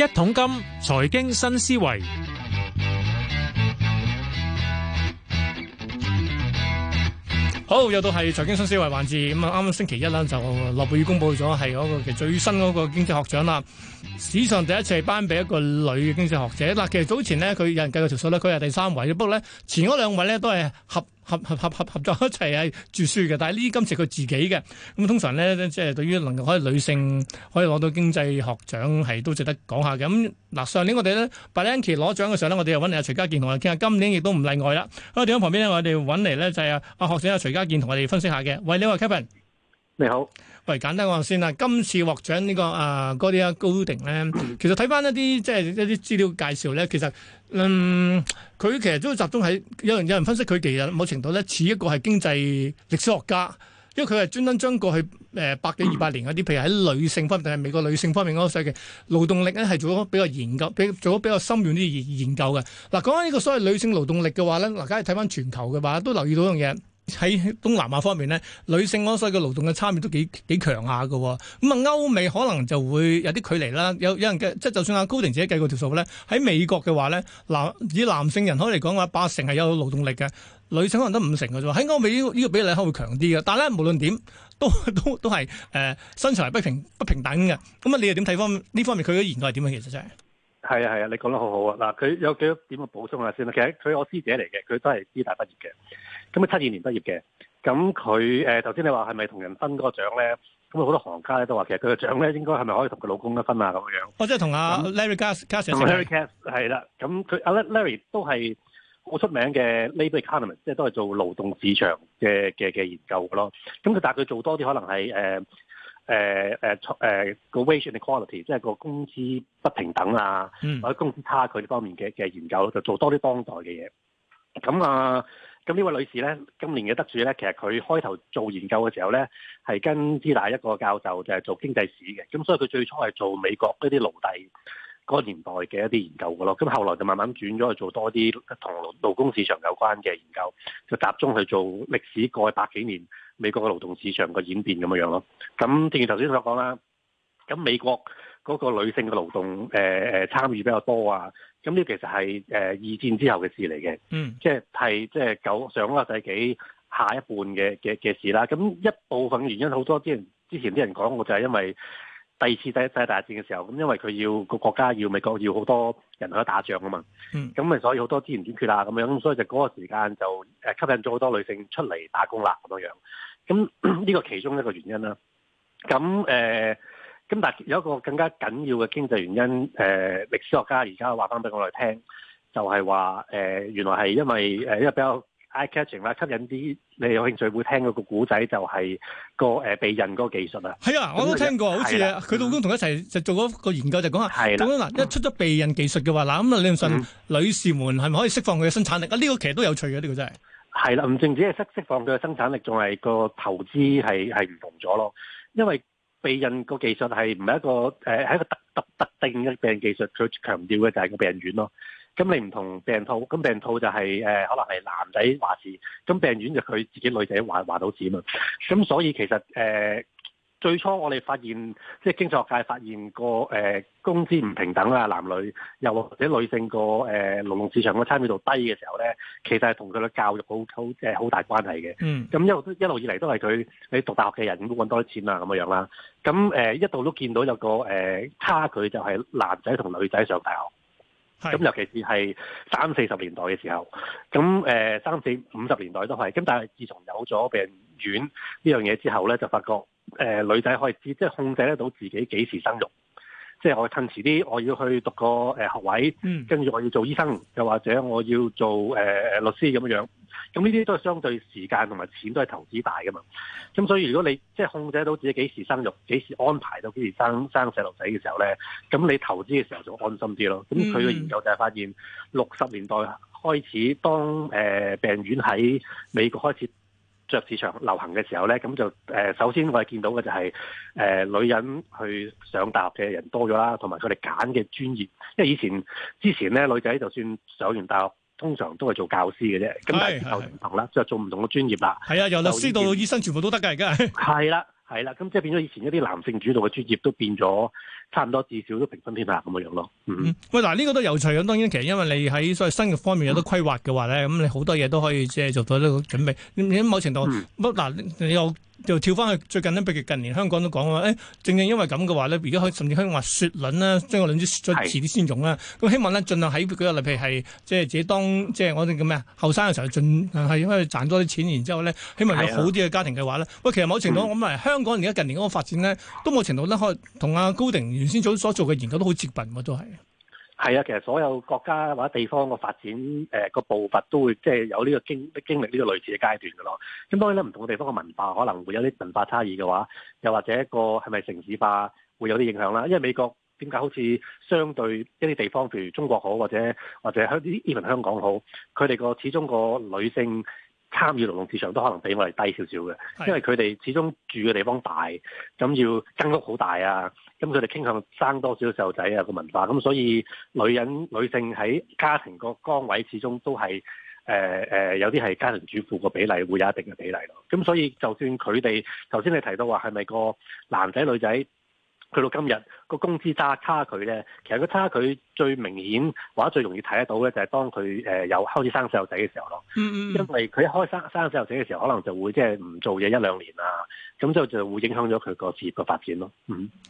一桶金財經新思維，好，又到係財經新思維環節。咁啊，啱啱星期一啦，就諾貝爾公布咗係嗰個其最新嗰個經濟學獎啦。史上第一次係頒俾一個女經濟學者。嗱，其實早前呢，佢有人計過條數咧，佢係第三位。不過咧，前嗰兩位咧都係合。合合合合作一齊係著書嘅，但係呢啲今次佢自己嘅，咁通常咧即係對於能夠可以女性可以攞到經濟學獎係都值得講下嘅。咁嗱，上年我哋咧 Balenci 攞獎嘅時候咧，我哋又揾嚟阿徐家健同我哋傾下，今年亦都唔例外啦。喺電話旁邊呢，我哋揾嚟咧就係阿學者阿徐家健同我哋分析下嘅。喂，你好 Kevin。你好，喂，簡單講先啦。今次獲獎，這個呃、呢個啊，嗰啲 Golding 咧，其實睇翻一啲即係一啲資料介紹咧，其實，嗯，佢其實都集中喺有人有人分析佢其實某程度咧似一個係經濟歷史學家，因為佢係專登將過去誒、呃、百幾二百年嗰啲，譬如喺女性方面，係美國女性方面嗰個時嘅勞動力咧係做咗比較研究，比做咗比較深遠啲研研究嘅。嗱、啊，講緊呢個所謂女性勞動力嘅話咧，嗱、啊，梗係睇翻全球嘅話，都留意到一樣嘢。喺東南亞方面咧，女性安所嘅勞動嘅差別都幾幾強下嘅。咁啊，歐美可能就會有啲距離啦。有有人計，即係就算阿高婷自己計過條數咧，喺美國嘅話咧，嗱以男性人口嚟講嘅話，八成係有勞動力嘅，女性可能得五成嘅啫。喺歐美呢個比例可能會強啲嘅。但係咧，無論點都都都係誒，薪酬係不平不平等嘅。咁啊，你又點睇方呢方面？佢嘅言論係點啊？其實真係係啊係啊，你講得好好啊！嗱，佢有幾多點嘅補充下先啦。其實佢我師姐嚟嘅，佢都係醫大畢業嘅。咁佢七二年畢業嘅，咁佢誒頭先你話係咪同人分嗰個獎咧？咁好多行家咧都話其實佢個獎咧應該係咪可以同佢老公一分啊咁樣？我、哦、即係同阿 Larry Katz 係啦那，咁佢阿 Larry 都係好出名嘅 Labor Economist，即係都係做勞動市場嘅嘅嘅研究咯。咁佢但係佢做多啲可能係誒誒誒個 Wage Inequality，即係個工資不平等啊，嗯、或者工資差距呢方面嘅嘅研究，就做多啲當代嘅嘢。咁啊～咁呢位女士呢，今年嘅得主呢，其實佢開頭做研究嘅時候呢，係跟住大一個教授就係做經濟史嘅，咁所以佢最初係做美國嗰啲奴隸嗰個年代嘅一啲研究嘅咯，咁後來就慢慢轉咗去做多啲同勞工市場有關嘅研究，就集中去做歷史過去百幾年美國嘅勞動市場嘅演變咁樣樣咯。咁正如頭先所講啦，咁美國。嗰個女性嘅勞動誒誒、呃、參與比較多啊，咁呢其實係誒、呃、二戰之後嘅事嚟嘅，嗯，即係係即係九上個世紀下一半嘅嘅嘅事啦。咁一部分原因好多之前之前啲人講過就係因為第二次第一世界大戰嘅時候，咁因為佢要、嗰個國家要美國要好多人口打仗啊嘛，咁咪、嗯、所以好多資源短缺啊咁樣，咁所以就嗰個時間就吸引咗好多女性出嚟打工啦咁樣，咁呢、呢個其中一個原因啦，咁誒。呃咁但係有一個更加緊要嘅經濟原因，誒、呃、歷史學家而家話翻俾我哋聽，就係話誒原來係因為誒一個比較 eye catching 啦，atching, 吸引啲你有興趣會聽嗰個古仔，就係、是、個誒、呃、避孕嗰個技術啊。係啊，我都聽過，好似佢老公同一齊就做嗰個研究，就講啊，咁嗱一出咗避孕技術嘅話，嗱咁啊，你唔信女士們係咪可以釋放佢嘅生產力啊？呢個其實都有趣嘅，呢個真係係啦，唔淨止係釋釋放佢嘅生產力，仲係、嗯、個、這個啊、投資係係唔同咗咯，因為避孕個技術係唔係一個誒，係一個特特特定嘅避孕技術，佢強調嘅就係個避孕丸咯。咁你唔同避孕套，咁避孕套就係、是、誒，可能係男仔話事，咁避孕丸就佢自己女仔話話到事嘛。咁所以其實誒。呃最初我哋發現，即係經濟學界發現個誒、呃、工資唔平等啊，男女又或者女性個誒勞動市場個參與度低嘅時候咧，其實係同佢嘅教育好好好大關係嘅。嗯，咁一路都一路以嚟都係佢你讀大學嘅人應該揾多啲錢啦咁樣啦。咁、呃、一度都見到有個誒、呃、差距，就係男仔同女仔上大學，咁的尤其是係三四十年代嘅時候，咁誒、呃、三四五十年代都係咁，但係自從有咗病院呢樣嘢之後咧，就發覺。誒、呃、女仔可以即係控制得到自己幾時生育，即係我趁遲啲我要去讀個誒學位，跟住、嗯、我要做醫生，又或者我要做誒、呃、律師咁樣。咁呢啲都係相對時間同埋錢都係投資大㗎嘛。咁所以如果你即係控制得到自己幾時生育，幾時安排到幾時生生細路仔嘅時候咧，咁你投資嘅時候就安心啲咯。咁佢嘅研究就係發現六十、嗯、年代開始，當、呃、病院喺美國開始。著市場流行嘅時候咧，咁就誒、呃、首先我哋見到嘅就係、是、誒、呃、女人去上大學嘅人多咗啦，同埋佢哋揀嘅專業，因為以前之前咧女仔就算上完大學，通常都係做教師嘅啫，咁但係就唔同啦，就是做唔同嘅專業啦。係啊，由律師到醫生全部都得㗎，而家。係啦。 係啦，咁即係變咗以前一啲男性主導嘅專業都變咗，差唔多至少都平分天下咁樣樣咯。嗯，嗯喂，嗱、這、呢個都有趣咁，當然其實因為你喺所謂生活方面有得規劃嘅話咧，咁、嗯、你好多嘢都可以即係、呃、做到個準備。你某程度，乜嗱、嗯呃、你有？就跳翻去最近呢，譬如近年香港都講啊，正正因為咁嘅話咧，而家可以甚至香港話雪卵啦，將個卵子再遲啲先用啦。咁是希望咧，儘量喺幾個例譬如係，即係自己當即係我哋叫咩啊，後生嘅時候盡係因為賺多啲錢，然之後咧，希望有好啲嘅家庭嘅話咧，喂、啊，其實某程度、嗯、我諗係香港而家近年嗰個發展咧，都某程度咧，可以同阿高定原先早所做嘅研究都好接近喎，都係。係啊，其實所有國家或者地方個發展誒、呃、個步伐都會即係有呢個經經歷呢個類似嘅階段噶咯。咁當然咧，唔同嘅地方嘅文化可能會有啲文化差異嘅話，又或者一個係咪城市化會有啲影響啦？因為美國點解好似相對一啲地方，譬如中國好，或者或者香啲 even 香港好，佢哋個始終個女性參與勞動市場都可能比我哋低少少嘅，的因為佢哋始終住嘅地方大，咁要間屋好大啊。咁佢哋傾向生多少個細路仔啊，個文化，咁所以女人女性喺家庭個崗位始終都係誒誒有啲係家庭主婦個比例會有一定嘅比例咯。咁所以就算佢哋頭先你提到話係咪個男仔女仔去到今日個工資差差距咧，其實個差距最明顯或者最容易睇得到咧，就係當佢誒有開始生細路仔嘅時候咯。嗯嗯。因為佢一開生生細路仔嘅時候，可能就會即係唔做嘢一兩年啊。咁就就會影響咗佢個事業嘅發展咯。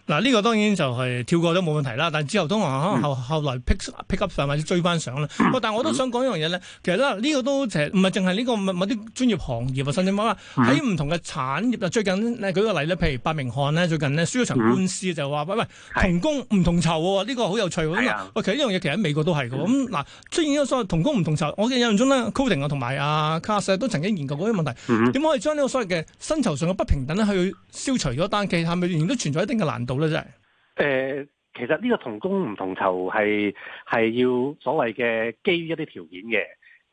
嗱呢個當然就係跳過都冇問題啦。但係之後都話後後來 pick pick up 追上或者追翻上咧。喂，但我都想講一樣嘢咧。其實咧呢個都唔係淨係呢個問問啲專業行業啊、甚至講啦，喺唔同嘅產業啊。最近誒舉個例咧，譬如伯明翰咧最近咧輸咗一場官司，就話喂喂同工唔同酬喎。呢個好有趣喎。係啊。其實呢樣嘢、這個這個哦這個、其實喺美國都係嘅。咁、嗯、嗱出現呢個所謂同工唔同酬，我嘅印象中咧 Coating 啊同埋啊 Cars 都曾經研究過啲問題，點可以將呢個所謂嘅薪酬上嘅不平等，去消除咗單期，係咪仍然都存在一定嘅難度咧？真係？誒，其實呢個同工唔同酬係係要所謂嘅基於一啲條件嘅。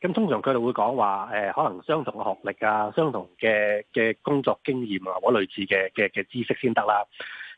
咁通常佢哋會講話誒，可能相同嘅學歷啊，相同嘅嘅工作經驗啊，或者類似嘅嘅嘅知識先得啦。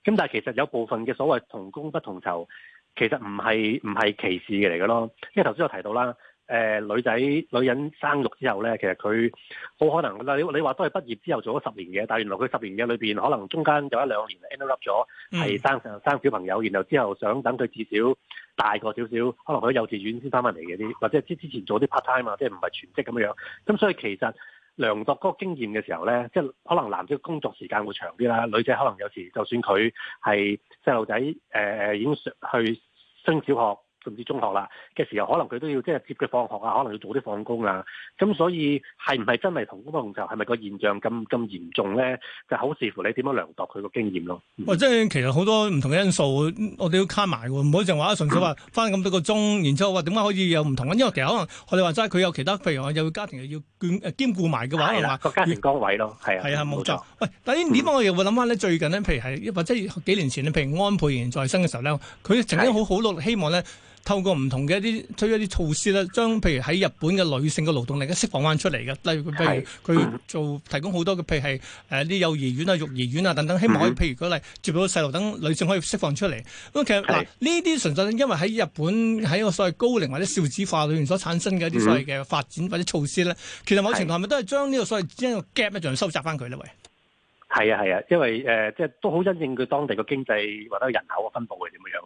咁但係其實有部分嘅所謂同工不同酬，其實唔係唔係歧視嘅嚟嘅咯。因為頭先我提到啦。誒、呃、女仔女人生育之後咧，其實佢好可能啦。你你話都係畢業之後做咗十年嘅，但原來佢十年嘅裏面可能中間有一兩年 interrupt 咗，係、mm. 生生小朋友，然後之後想等佢至少大個少少，可能去幼稚園先翻翻嚟嘅啲，或者之之前做啲 part time 啊，即係唔係全職咁樣。咁所以其實量度嗰個經驗嘅時候咧，即係可能男仔嘅工作時間會長啲啦，女仔可能有時就算佢係細路仔誒已經去升小學。甚至中學啦嘅時候，可能佢都要即係接佢放學啊，可能要早啲放工啊。咁所以係唔係真係同咁樣同就係咪個現象咁咁嚴重咧？就好視乎你點樣量度佢個經驗咯。哇、嗯！即係其實好多唔同嘅因素，我哋要卡埋喎，唔好淨話一瞬佢話翻咁多個鐘，嗯、然之後話點解可以有唔同啊？因為其實可能我哋話齋，佢有其他譬如話有家庭又要兼、啊、兼顧埋嘅話，係啊，各家庭崗位咯，係啊，係啊，冇錯。喂，嗯、但係點解我又會諗翻咧，最近咧，譬如係或者幾年前譬如安倍現在生嘅時候咧，佢曾經好好努力希望咧。透過唔同嘅一啲推一啲措施咧，將譬如喺日本嘅女性嘅勞動力咧釋放翻出嚟嘅，例如佢譬如佢做提供好多嘅，譬如係誒啲幼兒園啊、育兒院啊等等，希望可以譬如佢嚟接咗細路等女性可以釋放出嚟。咁其實嗱，呢啲嗎純粹因為喺日本喺個所謂高齡或者少子化裏面所產生嘅一啲所謂嘅發展或者措施咧，其實某程度係咪都係將呢個所謂一個 gap 一樣收窄翻佢咧？喂、啊，係啊係啊，因為誒、呃、即係都好因應佢當地嘅經濟或者人口嘅分布係點樣？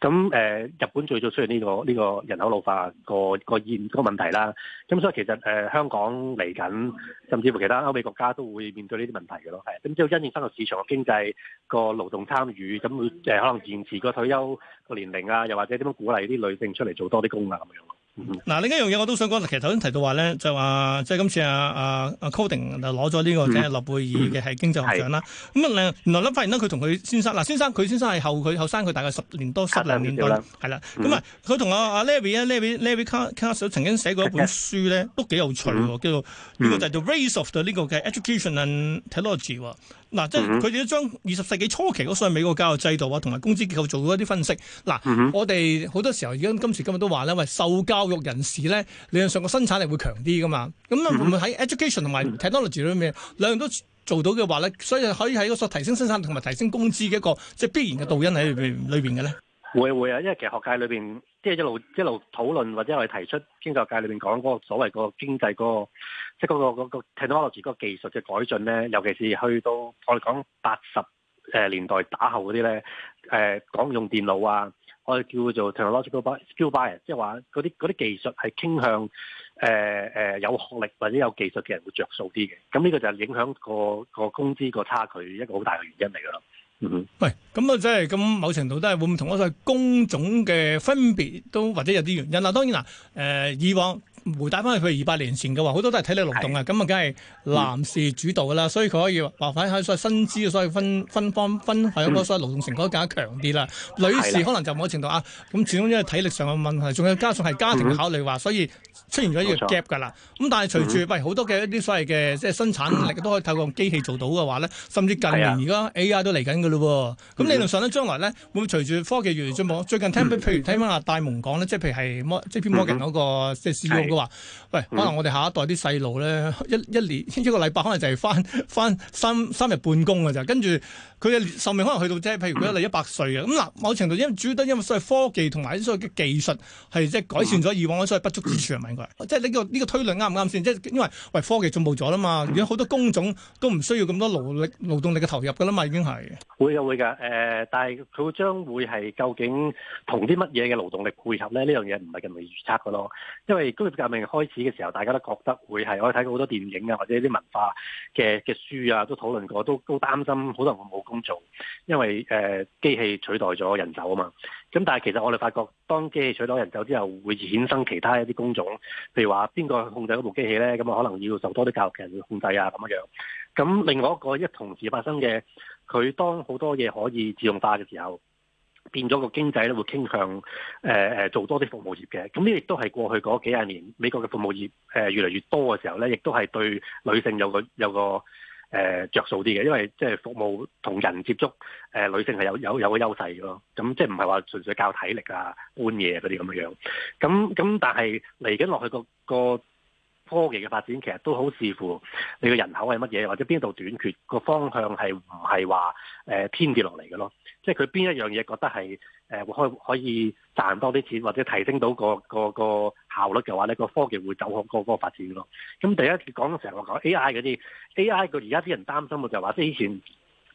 咁誒，日本最早出現呢個呢個人口老化個個現個問題啦。咁所以其實誒香港嚟緊，甚至乎其他歐美國家都會面對呢啲問題嘅咯。咁，之後因應翻個市場嘅經濟個勞動參與，咁會可能延遲個退休個年齡啊，又或者點樣鼓勵啲女性出嚟做多啲工啊咁樣咯。嗱呢一樣嘢我都想講，其實頭先提到話咧，就話即係今次啊啊啊 Coding 就攞咗呢個即係諾貝爾嘅係經濟學獎啦。咁啊，原來咧發現咧，佢同佢先生，嗱先生佢先生係後佢後生佢大概十年多十兩年多，係啦。咁啊，佢同阿啊 Larry 啊 Larry Larry Car Car 曾經寫過一本書咧，都幾有趣喎。叫做呢個就係 The Race of 呢個嘅 Education and Technology。嗱，即係佢哋都將二十世紀初期嗰時美國教育制度啊，同埋工資結構做咗一啲分析。嗱，我哋好多時候而家今時今日都話咧，喂，受教。教育人士咧，理論上個生產力會強啲噶嘛？咁會唔會喺 education 同埋 technology 裏面，兩樣都做到嘅話咧，所以可以喺一個提升生產力同埋提升工資嘅一個即係必然嘅導因喺裏邊嘅咧。會會啊，因為其實學界裏邊即係一路一路討論或者我哋提出經濟學界裏邊講嗰個所謂個經濟嗰個即係嗰個 technology 嗰個技術嘅改進咧，尤其是去到我哋講八十誒年代打後嗰啲咧，誒講用電腦啊。我哋叫做 technological skill bias，即係話嗰啲嗰啲技術係傾向誒、呃呃、有學歷或者有技術嘅人會着數啲嘅，咁呢個就係影響個個工資個差距一個好大嘅原因嚟嘅咯。嗯哼，喂，咁啊、就是，即係咁某程度都係會唔同我個工種嘅分別都或者有啲原因啦。當然啦，誒、呃、以往。回帶翻去佢二百年前嘅話，好多都係體力勞動啊，咁啊，梗係男士主導噶啦，所以佢可以話翻喺所謂薪資，所以分分方分係嗰個所謂勞動成果更加強啲啦。女士可能就某程度啊，咁始終因為體力上嘅問題，仲有加上係家庭嘅考慮話，所以出現咗呢個 gap 噶啦。咁但係隨住喂好多嘅一啲所謂嘅即係生產力都可以透過機器做到嘅話咧，甚至近年而家 AI 都嚟緊噶咯喎。咁理論上咧，將來咧會唔會隨住科技越嚟越進步？最近聽譬如聽翻阿戴蒙講咧，即係譬如係即係 JP Morgan 嗰個即係佢話，喂，可能我哋下一代啲細路咧，一一年一個禮拜可能就係翻翻三三日半工嘅咋，跟住佢嘅壽命可能去到即係譬如佢一嚟一百歲嘅。咁嗱、嗯嗯，某程度因為主要都因為所謂科技同埋所謂嘅技術係即係改善咗以往嗰所謂不足之處啊嘛，係咪應該、嗯。即係呢個呢、呢個推論啱唔啱先？即、就、係、是、因為喂科技進步咗啦嘛，而家好多工種都唔需要咁多勞力勞動力嘅投入嘅啦嘛，已經係。會嘅會嘅，誒、呃，但係佢將會係究竟同啲乜嘢嘅勞動力配合咧？呢樣嘢唔係咁易預測嘅咯，因為革命開始嘅時候，大家都覺得會係我哋睇過好多電影啊，或者一啲文化嘅嘅書啊，都討論過，都都擔心可能會冇工做，因為誒、呃、機器取代咗人手啊嘛。咁但係其實我哋發覺，當機器取代人手之後，會衍生其他一啲工種，譬如話邊個控制嗰部機器咧？咁啊，可能要受多啲教育嘅人去控制啊，咁樣。咁另外一個一同時發生嘅，佢當好多嘢可以自動化嘅時候，變咗個經濟咧，會傾向誒誒做多啲服務業嘅，咁呢亦都係過去嗰幾廿年美國嘅服務業誒越嚟越多嘅時候咧，亦都係對女性有個有個誒着數啲嘅，因為即係服務同人接觸，誒、呃、女性係有有有個優勢嘅咯，咁即係唔係話純粹靠體力啊搬嘢嗰啲咁樣樣，咁咁但係嚟緊落去個個。科技嘅發展其實都好視乎你個人口係乜嘢，或者邊度短缺，個方向係唔係話誒偏跌落嚟嘅咯？即係佢邊一樣嘢覺得係誒會開可以賺多啲錢，或者提升到個個個效率嘅話咧，個科技會走向嗰個發展咯。咁、嗯、第一講成日講 A I 嗰啲 A I，佢而家啲人擔心嘅就話即以前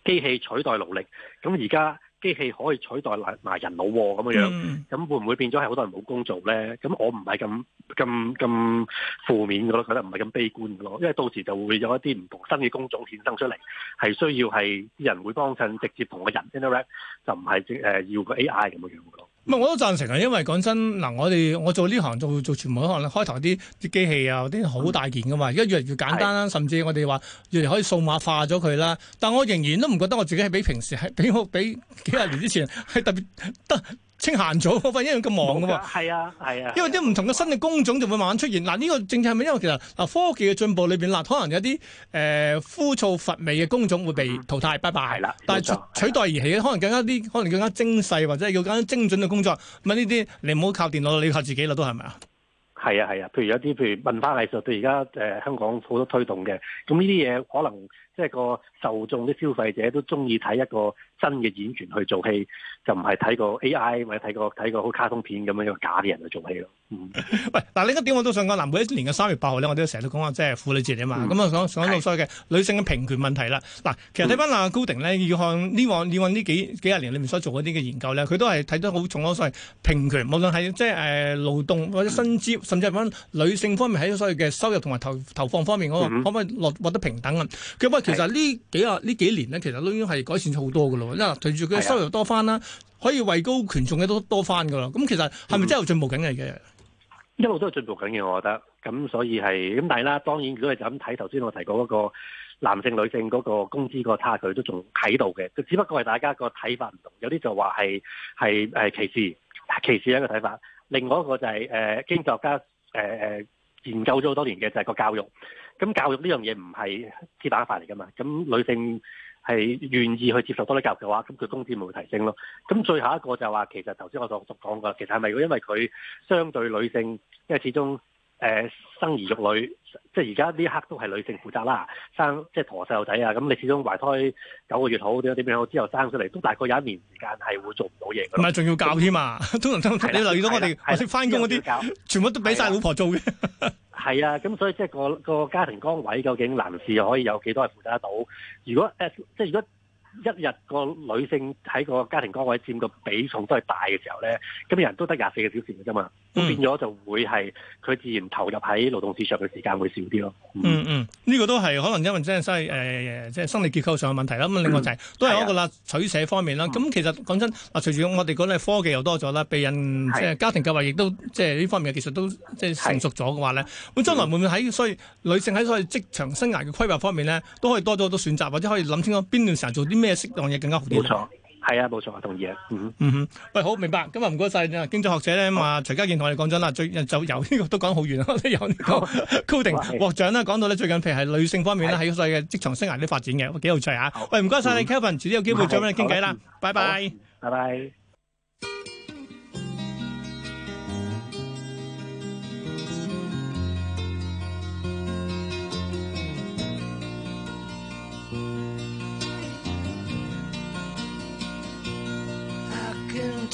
機器取代勞力，咁而家。機器可以取代埋埋人腦喎，咁樣，咁會唔會變咗係好多人冇工做咧？咁我唔係咁咁咁負面嘅咯，覺得唔係咁悲觀嘅咯，因為到時就會有一啲唔同的新嘅工種衍生出嚟，係需要係啲人會幫襯直接同個人 interact，就唔係即誒要個 AI 咁嘅樣咯。唔，我都贊成啊，因為講真嗱，我哋我做呢行做做全部呢行開頭啲啲機器啊，嗰啲好大件噶嘛，而家越嚟越簡單啦，是甚至我哋話越嚟可以數碼化咗佢啦，但我仍然都唔覺得我自己係比平時係比我比幾十年之前係特別得。 清閒咗，我份一樣咁忙噶喎。係啊，係啊。因為啲唔同嘅新嘅工種就會慢慢出現。嗱，呢個正係咪因為其實嗱科技嘅進步裏邊，嗱可能有啲誒枯燥乏味嘅工種會被淘汰，嗯、拜拜。係啦的，但係取代而起，可能更加啲，可能更加精細或者係要更加精準嘅工作。咁啊呢啲，你唔好靠電腦，你靠自己啦，都係咪啊？係啊係啊，譬如有啲譬如文化藝術，對而家誒香港好多推動嘅，咁呢啲嘢可能。即係個受眾啲消費者都中意睇一個新嘅演員去做戲，就唔係睇個 AI 或者睇個睇個好卡通片咁樣一個假嘅人去做戲咯。嗯，喂，嗱，呢個點我都想講，嗱，每一年嘅三月八號咧，我哋都成日都講話即係婦女節啊嘛。咁啊講講到所謂嘅女性嘅平權問題啦。嗱、嗯，其實睇翻阿高定咧，要看呢往以往呢幾幾廿年裏面所做嗰啲嘅研究咧，佢都係睇得好重嗰所謂平權，無論係即係誒勞動或者薪資，嗯、甚至係女性方面喺所謂嘅收入同埋投投放方面嗰、嗯、可唔可以落獲得平等啊？佢不？其實呢幾啊呢幾年咧，其實都已經係改善咗好多嘅咯。因為隨住佢收入多返啦，是的 可以位高權重嘅都多返噶啦。咁其實係咪真係進步緊嘅、嗯？一路都係進步緊嘅，我覺得。咁所以係咁，但係啦，當然如果你就咁睇。頭先我提過嗰個男性女性嗰個工資個差距都仲喺度嘅。就只不過係大家個睇法唔同，有啲就話係係誒歧視歧視一個睇法。另外一個就係、是、誒、呃、經作家誒誒。呃研究咗好多年嘅就係個教育，咁教育呢樣嘢唔係鐵板一塊嚟噶嘛，咁女性係願意去接受多啲教育嘅話，咁佢工資咪會提升咯。咁最後一個就係話，其實頭先我所講過，其實係咪因為佢相對女性，因為始終。誒、呃、生兒育女，即係而家呢一刻都係女性負責啦，生即係陀細路仔啊！咁你始終懷胎九個月好啲，點樣好之後生出嚟，都大概有一年時間係會做唔到嘢。唔係仲要教添嘛？以都同的你留意到我哋我識翻工嗰啲，全部都俾晒老婆做嘅的。係啊， 咁所以即係、個個家庭崗位究竟男士又可以有幾多係負責得到？如果誒、呃，即係如果。一日個女性喺個家庭崗位佔個比重都係大嘅時候咧，咁人都得廿四個小時嘅啫嘛，咁、嗯、變咗就會係佢自然投入喺勞動市場嘅時間會少啲咯。嗯嗯，呢、嗯這個都係可能因為即係誒，即、呃、係生理結構上嘅問題啦。咁另外就係都係一個啦，嗯、取捨方面啦。咁、嗯、其實講真，嗱，隨住我哋講咧科技又多咗啦，避孕即是家庭計劃亦都即係呢方面嘅技術都即係成熟咗嘅話咧，咁將來會唔會喺所以女性喺所謂職場生涯嘅規劃方面咧，都可以多咗好多選擇，或者可以諗清楚邊段時間做啲咩？咩適當嘢更加好啲咧？冇錯，係啊，冇錯啊，同意啊。嗯嗯，喂，好明白。今日唔該晒啊，經濟學者咧咁啊徐家健同我哋講咗啦，最就由呢個都講好遠啊，由呢個 Goldin 獲獎啦，講到咧最近譬如係女性方面咧，喺所謂嘅職場生涯啲發展嘅，幾有趣啊。喂，唔該晒你 Kevin，遲啲有機會再揾你傾偈啦。拜拜，拜拜。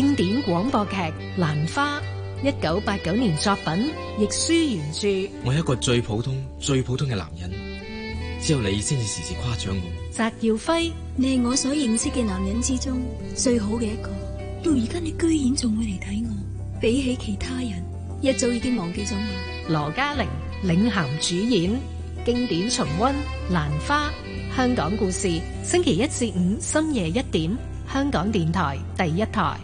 經典廣播劇《蘭花》，一九八九年作品，亦舒原著。我係一個最普通、最普通嘅男人，之後你先至時時誇獎我。翟耀輝，你係我所認識嘅男人之中最好嘅一個。到而家你居然仲會嚟睇我，比起其他人，一早已經忘記咗我。羅嘉玲領銜主演，經典重溫《蘭花》，香港故事，星期一至五深夜一點，香港電台第一台。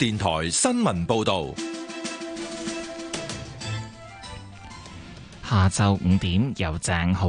電台新聞報道，下晝五點由鄭浩。